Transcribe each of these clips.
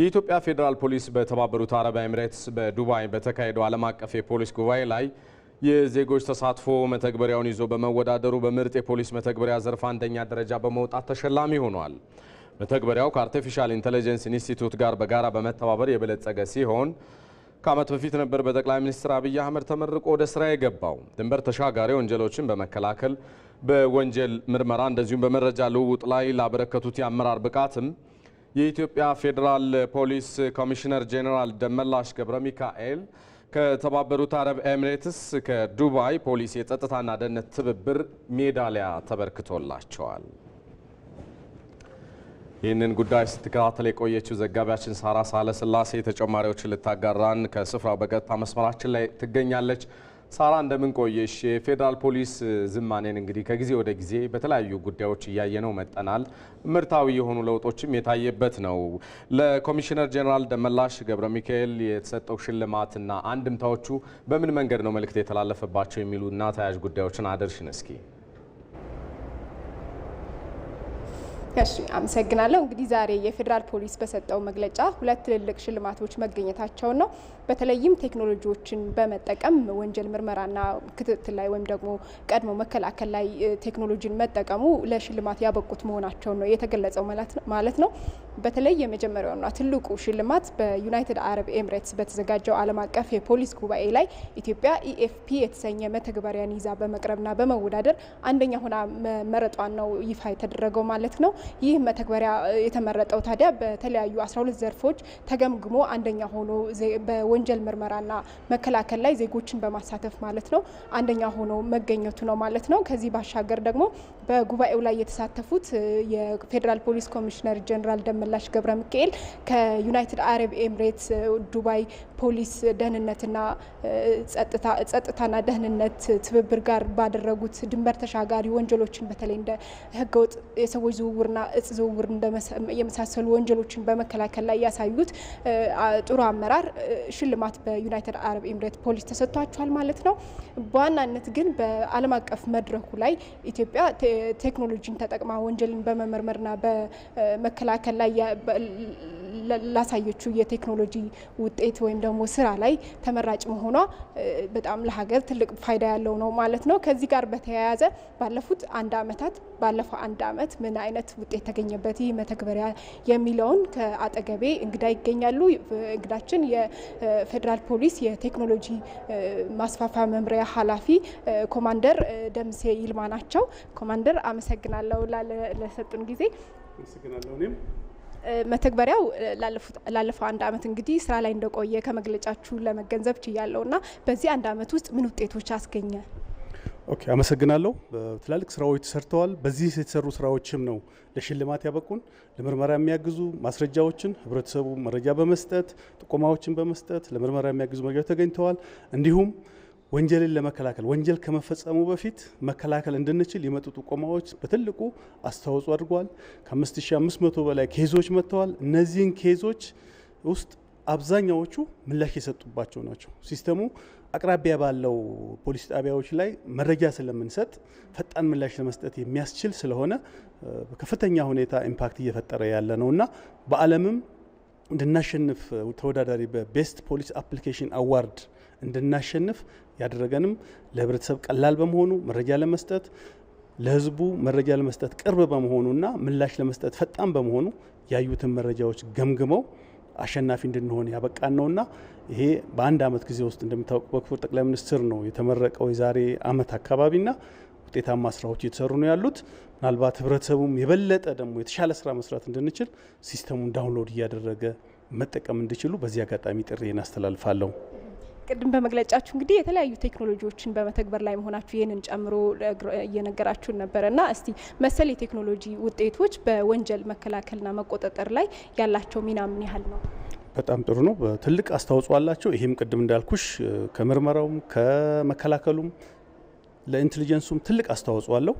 የኢትዮጵያ ፌዴራል ፖሊስ በተባበሩት አረብ ኤምሬትስ በዱባይ በተካሄደው ዓለም አቀፍ የፖሊስ ጉባኤ ላይ የዜጎች ተሳትፎ መተግበሪያውን ይዞ በመወዳደሩ በምርጥ የፖሊስ መተግበሪያ ዘርፍ አንደኛ ደረጃ በመውጣት ተሸላሚ ሆኗል። መተግበሪያው ከአርቲፊሻል ኢንቴሊጀንስ ኢንስቲትዩት ጋር በጋራ በመተባበር የበለጸገ ሲሆን ከዓመት በፊት ነበር በጠቅላይ ሚኒስትር አብይ አህመድ ተመርቆ ወደ ስራ የገባው። ድንበር ተሻጋሪ ወንጀሎችን በመከላከል በወንጀል ምርመራ እንደዚሁም በመረጃ ልውውጥ ላይ ላበረከቱት የአመራር ብቃትም የኢትዮጵያ ፌዴራል ፖሊስ ኮሚሽነር ጄኔራል ደመላሽ ገብረ ሚካኤል ከተባበሩት አረብ ኤሚሬትስ ከዱባይ ፖሊስ የጸጥታና ደህንነት ትብብር ሜዳሊያ ተበርክቶላቸዋል። ይህንን ጉዳይ ስትከታተል የቆየችው ዘጋቢያችን ሳራ ሳለስላሴ ተጨማሪዎችን ልታጋራን ከስፍራው በቀጥታ መስመራችን ላይ ትገኛለች። ሳራ እንደምን ቆየሽ? የፌዴራል ፖሊስ ዝማኔን እንግዲህ ከጊዜ ወደ ጊዜ በተለያዩ ጉዳዮች እያየነው መጠናል። ምርታዊ የሆኑ ለውጦችም የታየበት ነው። ለኮሚሽነር ጀኔራል ደመላሽ ገብረ ሚካኤል የተሰጠው ሽልማትና አንድምታዎቹ በምን መንገድ ነው መልእክት የተላለፈባቸው የሚሉና ተያያዥ ጉዳዮችን አድርሽን እስኪ እሺ አመሰግናለሁ። እንግዲህ ዛሬ የፌዴራል ፖሊስ በሰጠው መግለጫ ሁለት ትልልቅ ሽልማቶች መገኘታቸው ነው። በተለይም ቴክኖሎጂዎችን በመጠቀም ወንጀል ምርመራና ክትትል ላይ ወይም ደግሞ ቀድሞ መከላከል ላይ ቴክኖሎጂን መጠቀሙ ለሽልማት ያበቁት መሆናቸውን ነው የተገለጸው ማለት ነው። በተለይ የመጀመሪያውና ትልቁ ሽልማት በዩናይትድ አረብ ኤምሬትስ በተዘጋጀው ዓለም አቀፍ የፖሊስ ጉባኤ ላይ ኢትዮጵያ ኢኤፍፒ e የተሰኘ መተግበሪያን ይዛ በመቅረብና በመወዳደር አንደኛ ሆና መመረጧን ነው ይፋ የተደረገው ማለት ነው። ይህ መተግበሪያ የተመረጠው ታዲያ በተለያዩ 12 ዘርፎች ተገምግሞ አንደኛ ሆኖ በወንጀል ምርመራና መከላከል ላይ ዜጎችን በማሳተፍ ማለት ነው አንደኛ ሆኖ መገኘቱ ነው ማለት ነው። ከዚህ ባሻገር ደግሞ በጉባኤው ላይ የተሳተፉት የፌዴራል ፖሊስ ኮሚሽነር ጀኔራል ደ ምላሽ ገብረ ሚካኤል ከዩናይትድ አረብ ኤምሬትስ ዱባይ ፖሊስ ደህንነትና ጸጥታና ደህንነት ትብብር ጋር ባደረጉት ድንበር ተሻጋሪ ወንጀሎችን በተለይ እንደ ህገወጥ የሰዎች ዝውውርና እጽ ዝውውር የመሳሰሉ ወንጀሎችን በመከላከል ላይ ያሳዩት ጥሩ አመራር ሽልማት በዩናይትድ አረብ ኤምሬት ፖሊስ ተሰጥቷቸዋል ማለት ነው። በዋናነት ግን በዓለም አቀፍ መድረኩ ላይ ኢትዮጵያ ቴክኖሎጂን ተጠቅማ ወንጀልን በመመርመርና በመከላከል ላይ ላሳየችው የቴክኖሎጂ ውጤት ወይም ደግሞ ስራ ላይ ተመራጭ መሆኗ በጣም ለሀገር ትልቅ ፋይዳ ያለው ነው ማለት ነው። ከዚህ ጋር በተያያዘ ባለፉት አንድ አመታት ባለፈው አንድ አመት ምን አይነት ውጤት ተገኘበት ይህ መተግበሪያ የሚለውን ከአጠገቤ እንግዳ ይገኛሉ። እንግዳችን የፌዴራል ፖሊስ የቴክኖሎጂ ማስፋፋያ መምሪያ ኃላፊ ኮማንደር ደምሴ ይልማ ናቸው። ኮማንደር አመሰግናለሁ ለሰጡን ጊዜ። አመሰግናለሁ እኔም መተግበሪያው ላለፈው አንድ አመት እንግዲህ ስራ ላይ እንደቆየ ከመግለጫችሁ ለመገንዘብ ችያለሁ እና በዚህ አንድ አመት ውስጥ ምን ውጤቶች አስገኘ? ኦኬ፣ አመሰግናለሁ። ትላልቅ ስራዎች ተሰርተዋል። በዚህ የተሰሩ ስራዎችም ነው ለሽልማት ያበቁን። ለምርመራ የሚያግዙ ማስረጃዎችን ህብረተሰቡ መረጃ በመስጠት ጥቆማዎችን በመስጠት ለምርመራ የሚያግዙ መረጃዎች ተገኝተዋል። እንዲሁም ወንጀልን ለመከላከል ወንጀል ከመፈጸሙ በፊት መከላከል እንድንችል የመጡ ጥቆማዎች በትልቁ አስተዋጽኦ አድርጓል። ከ5500 በላይ ኬዞች መጥተዋል። እነዚህን ኬዞች ውስጥ አብዛኛዎቹ ምላሽ የሰጡባቸው ናቸው። ሲስተሙ አቅራቢያ ባለው ፖሊስ ጣቢያዎች ላይ መረጃ ስለምንሰጥ ፈጣን ምላሽ ለመስጠት የሚያስችል ስለሆነ በከፍተኛ ሁኔታ ኢምፓክት እየፈጠረ ያለ ነው እና በዓለምም እንድናሸንፍ ተወዳዳሪ በቤስት ፖሊስ አፕሊኬሽን አዋርድ እንድናሸንፍ ያደረገንም ለህብረተሰብ ቀላል በመሆኑ መረጃ ለመስጠት ለህዝቡ መረጃ ለመስጠት ቅርብ በመሆኑና ምላሽ ለመስጠት ፈጣን በመሆኑ ያዩትን መረጃዎች ገምግመው አሸናፊ እንድንሆን ያበቃን ነውና ይሄ በአንድ አመት ጊዜ ውስጥ እንደሚታወቅ በክቡር ጠቅላይ ሚኒስትር ነው የተመረቀው የዛሬ አመት አካባቢና ውጤታማ ስራዎች እየተሰሩ ነው ያሉት። ምናልባት ህብረተሰቡም የበለጠ ደግሞ የተሻለ ስራ መስራት እንድንችል ሲስተሙን ዳውንሎድ እያደረገ መጠቀም እንዲችሉ በዚህ አጋጣሚ ጥሪ እናስተላልፋለሁ። ቅድም በመግለጫችሁ እንግዲህ የተለያዩ ቴክኖሎጂዎችን በመተግበር ላይ መሆናችሁ ይህንን ጨምሮ እየነገራችሁን ነበረ እና እስቲ መሰል የቴክኖሎጂ ውጤቶች በወንጀል መከላከልና መቆጣጠር ላይ ያላቸው ሚና ምን ያህል ነው? በጣም ጥሩ ነው። ትልቅ አስተዋጽኦ አላቸው። ይህም ቅድም እንዳልኩሽ ከምርመራውም ከመከላከሉም ለኢንቴሊጀንሱም ትልቅ አስተዋጽኦ አለው።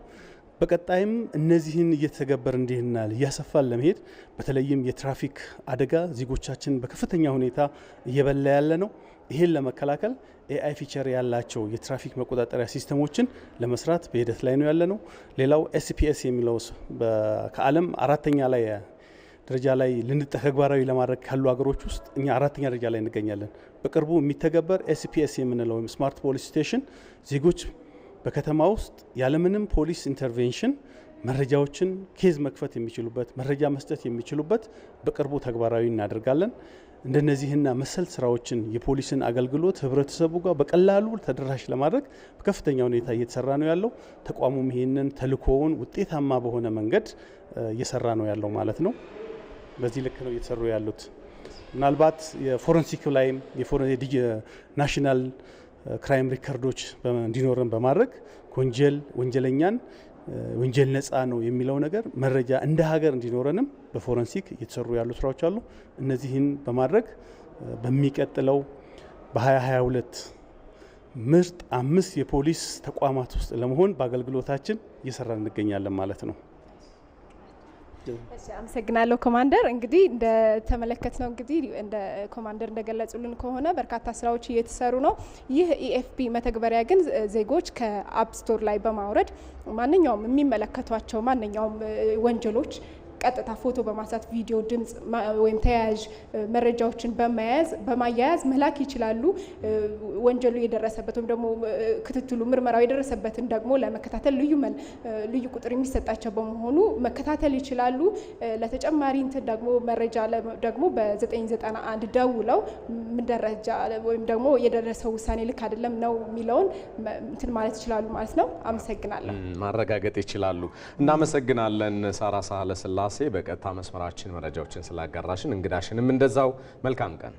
በቀጣይም እነዚህን እየተገበር እንዲህናል እያሰፋን ለመሄድ በተለይም የትራፊክ አደጋ ዜጎቻችን በከፍተኛ ሁኔታ እየበላ ያለ ነው። ይሄን ለመከላከል ኤአይ ፊቸር ያላቸው የትራፊክ መቆጣጠሪያ ሲስተሞችን ለመስራት በሂደት ላይ ነው ያለ ነው። ሌላው ኤስፒኤስ የሚለው ከዓለም አራተኛ ላይ ደረጃ ላይ ተግባራዊ ለማድረግ ካሉ ሀገሮች ውስጥ እኛ አራተኛ ደረጃ ላይ እንገኛለን። በቅርቡ የሚተገበር ኤስፒኤስ የምንለው ወይም ስማርት ፖሊስ ስቴሽን ዜጎች በከተማ ውስጥ ያለምንም ፖሊስ ኢንተርቬንሽን መረጃዎችን ኬዝ መክፈት የሚችሉበት መረጃ መስጠት የሚችሉበት በቅርቡ ተግባራዊ እናደርጋለን። እንደነዚህና መሰል ስራዎችን የፖሊስን አገልግሎት ህብረተሰቡ ጋር በቀላሉ ተደራሽ ለማድረግ በከፍተኛ ሁኔታ እየተሰራ ነው ያለው። ተቋሙም ይህንን ተልእኮውን ውጤታማ በሆነ መንገድ እየሰራ ነው ያለው ማለት ነው። በዚህ ልክ ነው እየተሰሩ ያሉት። ምናልባት የፎረንሲክ ላይም ናሽናል ክራይም ሪከርዶች እንዲኖረን በማድረግ ወንጀል ወንጀለኛን ወንጀል ነፃ ነው የሚለው ነገር መረጃ እንደ ሀገር እንዲኖረንም በፎረንሲክ እየተሰሩ ያሉ ስራዎች አሉ። እነዚህን በማድረግ በሚቀጥለው በ2022 ምርጥ አምስት የፖሊስ ተቋማት ውስጥ ለመሆን በአገልግሎታችን እየሰራን እንገኛለን ማለት ነው። አመሰግናለሁ ኮማንደር። እንግዲህ እንደተመለከት ነው እንግዲህ እንደ ኮማንደር እንደገለጹልን ከሆነ በርካታ ስራዎች እየተሰሩ ነው። ይህ ኢኤፍፒ መተግበሪያ ግን ዜጎች ከአፕስቶር ላይ በማውረድ ማንኛውም የሚመለከቷቸው ማንኛውም ወንጀሎች ቀጥታ ፎቶ በማንሳት ቪዲዮ፣ ድምፅ ወይም ተያያዥ መረጃዎችን በመያዝ በማያያዝ መላክ ይችላሉ። ወንጀሉ የደረሰበት ወይም ደግሞ ክትትሉ ምርመራው የደረሰበትን ደግሞ ለመከታተል ልዩ ልዩ ቁጥር የሚሰጣቸው በመሆኑ መከታተል ይችላሉ። ለተጨማሪ እንትን ደግሞ መረጃ ደግሞ በ991 ደውለው ደረጃ ወይም ደግሞ የደረሰው ውሳኔ ልክ አይደለም ነው የሚለውን እንትን ማለት ይችላሉ ማለት ነው። አመሰግናለሁ። ማረጋገጥ ይችላሉ። እናመሰግናለን ሳራ ሳህለ ስላሴ ስላሴ በቀጥታ መስመራችን መረጃዎችን ስላጋራሽን፣ እንግዳሽንም እንደዛው መልካም ቀን